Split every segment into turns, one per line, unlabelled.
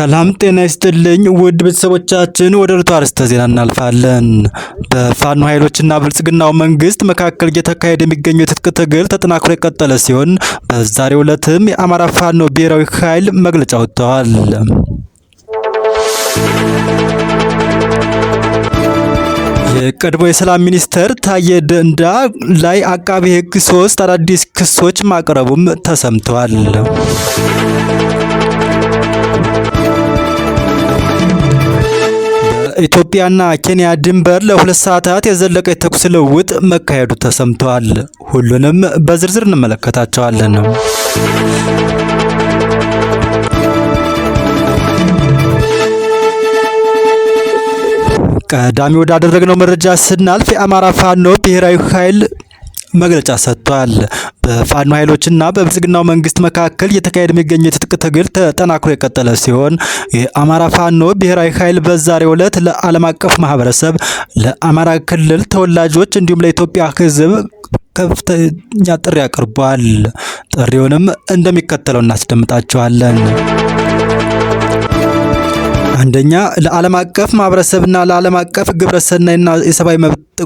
ሰላም ጤና ይስጥልኝ ውድ ቤተሰቦቻችን፣ ወደ ዕለቱ አርዕስተ ዜና እናልፋለን። በፋኖ ኃይሎችና ብልጽግናው መንግስት መካከል እየተካሄደ የሚገኘው የትጥቅ ትግል ተጠናክሮ የቀጠለ ሲሆን በዛሬው ዕለትም የአማራ ፋኖ ብሔራዊ ኃይል መግለጫ ወጥተዋል። የቀድሞ የሰላም ሚኒስተር ታዬ ደንዳ ላይ አቃቢ ህግ ሶስት አዳዲስ ክሶች ማቅረቡም ተሰምተዋል። በኢትዮጵያና ኬንያ ድንበር ለሁለት ሰዓታት የዘለቀ የተኩስ ልውውጥ መካሄዱ ተሰምተዋል። ሁሉንም በዝርዝር እንመለከታቸዋለን። ቀዳሚ ወዳደረግነው መረጃ ስናልፍ የአማራ ፋኖ ብሔራዊ ኃይል መግለጫ ሰጥቷል። በፋኖ ኃይሎችና በብልጽግናው መንግስት መካከል እየተካሄደ የሚገኘው የትጥቅ ትግል ተጠናክሮ የቀጠለ ሲሆን የአማራ ፋኖ ብሔራዊ ኃይል በዛሬው ዕለት ለዓለም አቀፍ ማህበረሰብ፣ ለአማራ ክልል ተወላጆች እንዲሁም ለኢትዮጵያ ህዝብ ከፍተኛ ጥሪ አቅርቧል። ጥሪውንም እንደሚከተለው እናስደምጣቸዋለን። አንደኛ ለዓለም አቀፍ ማህበረሰብና ለዓለም አቀፍ ግብረሰናይና የሰብአዊ መብት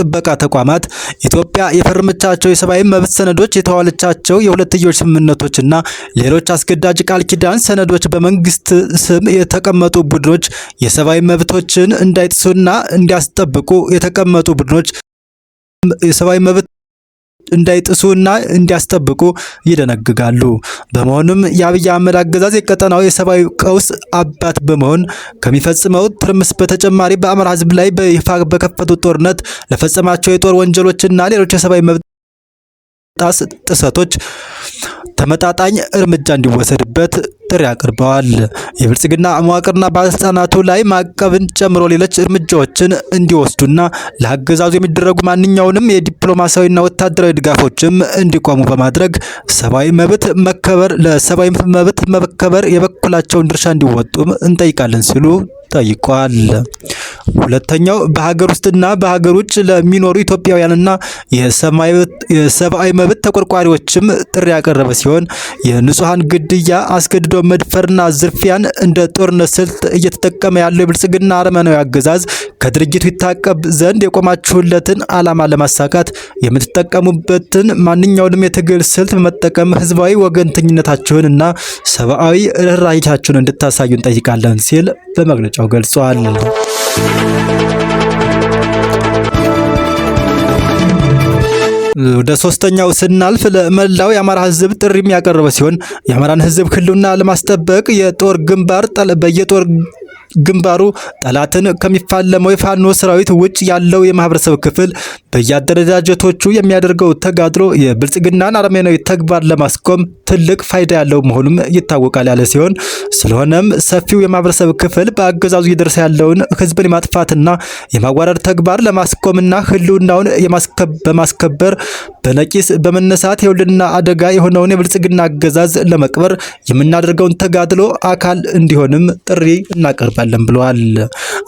ጥበቃ ተቋማት ኢትዮጵያ የፈረመቻቸው የሰብአዊ መብት ሰነዶች፣ የተዋለቻቸው የሁለትዮሽ ስምምነቶችና ሌሎች አስገዳጅ ቃል ኪዳን ሰነዶች በመንግስት ስም የተቀመጡ ቡድኖች የሰብአዊ መብቶችን እንዳይጥሱና እንዲያስጠብቁ የተቀመጡ ቡድኖች የሰብአዊ መብት እንዳይጥሱና እንዲያስጠብቁ ይደነግጋሉ። በመሆኑም የአብይ አህመድ አገዛዝ የቀጠናው የሰብአዊ ቀውስ አባት በመሆን ከሚፈጽመው ትርምስ በተጨማሪ በአማራ ሕዝብ ላይ በይፋ በከፈቱት ጦርነት ለፈጸማቸው የጦር ወንጀሎችና ሌሎች የሰብአዊ መብት ጥሰቶች ተመጣጣኝ እርምጃ እንዲወሰድበት ጥሪ አቅርበዋል። የብልጽግና መዋቅርና ባለስልጣናቱ ላይ ማዕቀብን ጨምሮ ሌሎች እርምጃዎችን እንዲወስዱና ለአገዛዙ የሚደረጉ ማንኛውንም የዲፕሎማሲያዊና ወታደራዊ ድጋፎችም እንዲቆሙ በማድረግ ሰብአዊ መብት መከበር ለሰብአዊ መብት መከበር የበኩላቸውን ድርሻ እንዲወጡም እንጠይቃለን ሲሉ ጠይቋል። ሁለተኛው በሀገር ውስጥና በሀገር ውጭ ለሚኖሩ ኢትዮጵያውያንና የሰብአዊ መብት ተቆርቋሪዎችም ጥሪ ያቀረበ ሲሆን የንጹሐን ግድያ፣ አስገድዶ መድፈርና ዝርፊያን እንደ ጦርነት ስልት እየተጠቀመ ያለው የብልጽግና አረመናዊ አገዛዝ ከድርጅቱ ይታቀብ ዘንድ የቆማችሁለትን ዓላማ ለማሳካት የምትጠቀሙበትን ማንኛውንም የትግል ስልት በመጠቀም ህዝባዊ እና ሰብአዊ ርኅራሄታችሁን እንድታሳዩ እንጠይቃለን ሲል በመግለጫው ገልጿል። ወደ ሶስተኛው ስናልፍ ለመላው የአማራ ህዝብ ጥሪም ያቀረበ ሲሆን የአማራን ህዝብ ህልውና ለማስጠበቅ የጦር ግንባር በየጦር ግንባሩ ጠላትን ከሚፋለመው የፋኖ ሰራዊት ውጭ ያለው የማህበረሰብ ክፍል በየአደረጃጀቶቹ የሚያደርገው ተጋድሎ የብልጽግናን አረመኔያዊ ተግባር ለማስቆም ትልቅ ፋይዳ ያለው መሆኑም ይታወቃል ያለ ሲሆን ስለሆነም ሰፊው የማህበረሰብ ክፍል በአገዛዙ እየደረሰ ያለውን ህዝብን የማጥፋትና የማዋረድ ተግባር ለማስቆምና ህልውናውን በማስከበር በነቂስ በመነሳት የውልና አደጋ የሆነውን የብልጽግና አገዛዝ ለመቅበር የምናደርገውን ተጋድሎ አካል እንዲሆንም ጥሪ እናቀርባለን ብለዋል።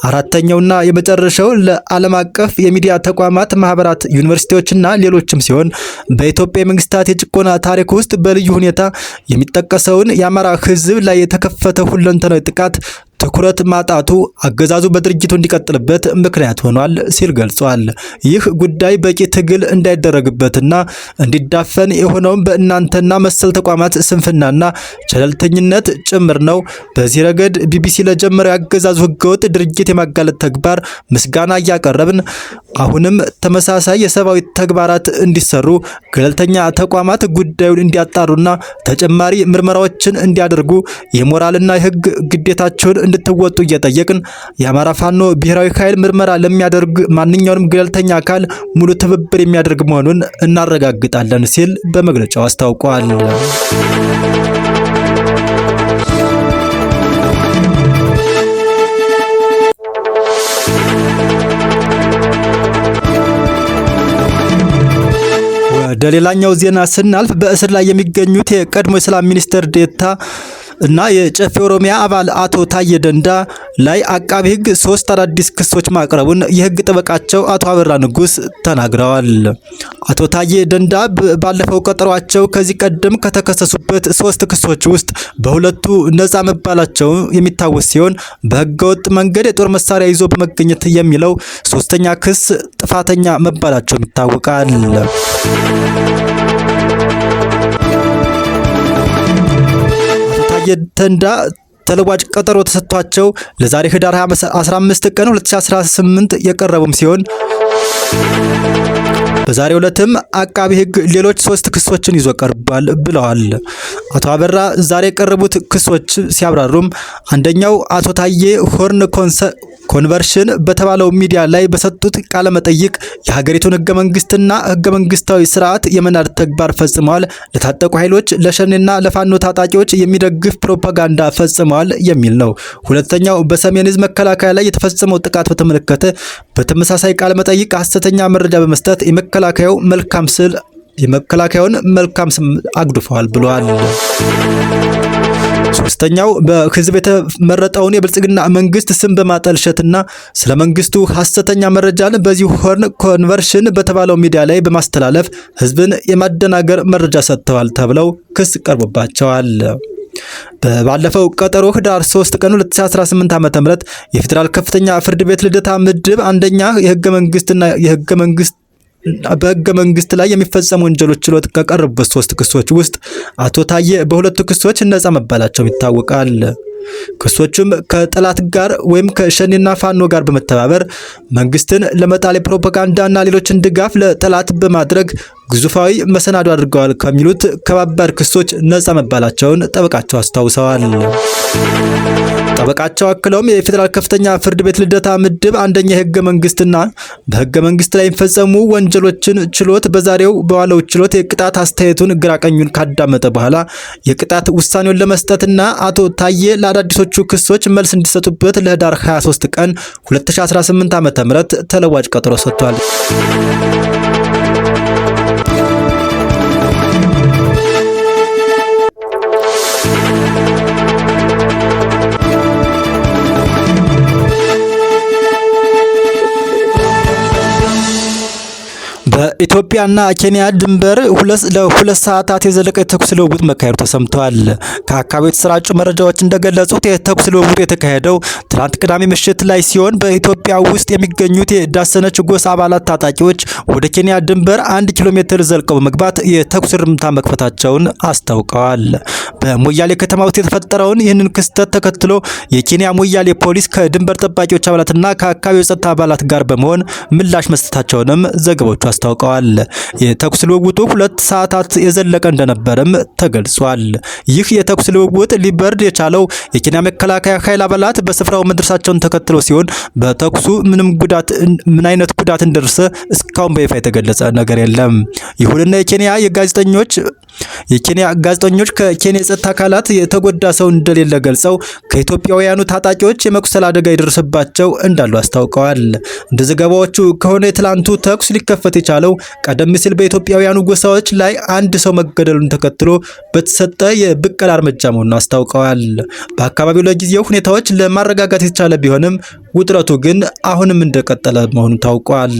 አራተኛውና የመጨረሻው ለዓለም አቀፍ የሚዲያ ተቋማት፣ ማህበራት፣ ዩኒቨርሲቲዎችና ሌሎችም ሲሆን በኢትዮጵያ የመንግስታት የጭቆና ታሪክ ውስጥ በልዩ ሁኔታ ሁኔታ የሚጠቀሰውን የአማራ ህዝብ ላይ የተከፈተ ሁለንተናዊ ጥቃት ትኩረት ማጣቱ አገዛዙ በድርጅቱ እንዲቀጥልበት ምክንያት ሆኗል ሲል ገልጿል። ይህ ጉዳይ በቂ ትግል እንዳይደረግበትና እንዲዳፈን የሆነውም በእናንተና መሰል ተቋማት ስንፍናና ቸለልተኝነት ጭምር ነው። በዚህ ረገድ ቢቢሲ ለጀመረው የአገዛዙ ህገወጥ ድርጅት የማጋለጥ ተግባር ምስጋና እያቀረብን አሁንም ተመሳሳይ የሰብአዊ ተግባራት እንዲሰሩ ገለልተኛ ተቋማት ጉዳዩን እንዲያጣሩና ተጨማሪ ምርመራዎችን እንዲያደርጉ የሞራልና የህግ ግዴታቸውን እንድትወጡ እየጠየቅን የአማራ ፋኖ ብሔራዊ ኃይል ምርመራ ለሚያደርግ ማንኛውንም ገለልተኛ አካል ሙሉ ትብብር የሚያደርግ መሆኑን እናረጋግጣለን ሲል በመግለጫው አስታውቋል። ወደ ሌላኛው ዜና ስናልፍ በእስር ላይ የሚገኙት የቀድሞ የሰላም ሚኒስትር ዴታ እና የጨፌ ኦሮሚያ አባል አቶ ታየ ደንዳ ላይ አቃቢ ህግ ሶስት አዳዲስ ክሶች ማቅረቡን የህግ ጠበቃቸው አቶ አበራ ንጉስ ተናግረዋል። አቶ ታየ ደንዳ ባለፈው ቀጠሯቸው ከዚህ ቀደም ከተከሰሱበት ሶስት ክሶች ውስጥ በሁለቱ ነጻ መባላቸው የሚታወስ ሲሆን በህገወጥ መንገድ የጦር መሳሪያ ይዞ በመገኘት የሚለው ሶስተኛ ክስ ጥፋተኛ መባላቸውም ይታወቃል። የተንዳ ተለዋጭ ቀጠሮ ተሰጥቷቸው ለዛሬ ህዳር 15 ቀን 2018 የቀረቡም ሲሆን በዛሬው ዕለትም አቃቢ ህግ ሌሎች ሶስት ክሶችን ይዞ ቀርቧል ብለዋል። አቶ አበራ ዛሬ የቀረቡት ክሶች ሲያብራሩም አንደኛው አቶ ታዬ ሆርን ኮንቨርሽን በተባለው ሚዲያ ላይ በሰጡት ቃለ መጠይቅ የሀገሪቱን ህገ መንግስትና ህገ መንግስታዊ ስርዓት የመናድ ተግባር ፈጽመዋል፣ ለታጠቁ ኃይሎች ለሸኔና ለፋኖ ታጣቂዎች የሚደግፍ ፕሮፓጋንዳ ፈጽመዋል የሚል ነው። ሁለተኛው በሰሜን ህዝብ መከላከያ ላይ የተፈጸመው ጥቃት በተመለከተ በተመሳሳይ ቃለ መጠይቅ ሀሰተኛ መረጃ በመስጠት የመከላከያው መልካም ስዕል የመከላከያውን መልካም ስም አግድፈዋል ብለዋል። ሶስተኛው በህዝብ የተመረጠውን የብልጽግና መንግስት ስም በማጠልሸትና ስለ መንግስቱ ሀሰተኛ መረጃን በዚህ ሆርን ኮንቨርሽን በተባለው ሚዲያ ላይ በማስተላለፍ ህዝብን የማደናገር መረጃ ሰጥተዋል ተብለው ክስ ቀርቦባቸዋል። በባለፈው ቀጠሮ ህዳር 3 ቀን 2018 ም የፌዴራል ከፍተኛ ፍርድ ቤት ልደታ ምድብ አንደኛ የህገ መንግስትና የህገ መንግስት በህገ መንግስት ላይ የሚፈጸሙ ወንጀሎች ችሎት ከቀረቡበት ሶስት ክሶች ውስጥ አቶ ታዬ በሁለቱ ክሶች ነጻ መባላቸው ይታወቃል። ክሶቹም ከጠላት ጋር ወይም ከሸኔና ፋኖ ጋር በመተባበር መንግስትን ለመጣል የፕሮፓጋንዳና ሌሎችን ድጋፍ ለጠላት በማድረግ ግዙፋዊ መሰናዶ አድርገዋል ከሚሉት ከባባድ ክሶች ነፃ መባላቸውን ጠበቃቸው አስታውሰዋል። ጠበቃቸው አክለውም የፌዴራል ከፍተኛ ፍርድ ቤት ልደታ ምድብ አንደኛ የህገ መንግስትና በህገ መንግስት ላይ የሚፈጸሙ ወንጀሎችን ችሎት በዛሬው በዋለው ችሎት የቅጣት አስተያየቱን ግራቀኙን ካዳመጠ በኋላ የቅጣት ውሳኔውን ለመስጠትና አቶ ታዬ ለአዳዲሶቹ ክሶች መልስ እንዲሰጡበት ለህዳር 23 ቀን 2018 ዓ.ም ተለዋጭ ቀጠሮ ሰጥቷል። በኢትዮጵያና ኬንያ ድንበር ለሁለት ሰዓታት የዘለቀ የተኩስ ልውውጥ መካሄዱ ተሰምተዋል። ከአካባቢው የተሰራጩ መረጃዎች እንደገለጹት የተኩስ ልውውጡ የተካሄደው ትናንት ቅዳሜ ምሽት ላይ ሲሆን በኢትዮጵያ ውስጥ የሚገኙት የዳሰነች ጎሳ አባላት ታጣቂዎች ወደ ኬንያ ድንበር አንድ ኪሎ ሜትር ዘልቀው በመግባት የተኩስ እርምታ መክፈታቸውን አስታውቀዋል። በሞያሌ ከተማ ውስጥ የተፈጠረውን ይህንን ክስተት ተከትሎ የኬንያ ሞያሌ ፖሊስ ከድንበር ጠባቂዎች አባላትና ከአካባቢው የጸጥታ አባላት ጋር በመሆን ምላሽ መስጠታቸውንም ዘገቦቹ አስታውቀዋል። ተናግረዋል። የተኩስ ልውውጡ ሁለት ሰዓታት የዘለቀ እንደነበረም ተገልጿል። ይህ የተኩስ ልውውጥ ሊበርድ የቻለው የኬንያ መከላከያ ኃይል አባላት በስፍራው መድረሳቸውን ተከትሎ ሲሆን በተኩሱ ምንም ጉዳት ምን አይነት ጉዳት እንደደረሰ እስካሁን በይፋ የተገለጸ ነገር የለም። ይሁንና የኬንያ የጋዜጠኞች የኬንያ ጋዜጠኞች ከኬንያ የጸጥታ አካላት የተጎዳ ሰው እንደሌለ ገልጸው ከኢትዮጵያውያኑ ታጣቂዎች የመቁሰል አደጋ የደረሰባቸው እንዳሉ አስታውቀዋል። እንደ ዘገባዎቹ ከሆነ የትላንቱ ተኩስ ሊከፈት የቻለው ቀደም ሲል በኢትዮጵያውያኑ ጎሳዎች ላይ አንድ ሰው መገደሉን ተከትሎ በተሰጠ የብቀላ እርምጃ መሆኑን አስታውቀዋል። በአካባቢው ለጊዜው ሁኔታዎች ለማረጋጋት የተቻለ ቢሆንም ውጥረቱ ግን አሁንም እንደቀጠለ መሆኑ ታውቋል።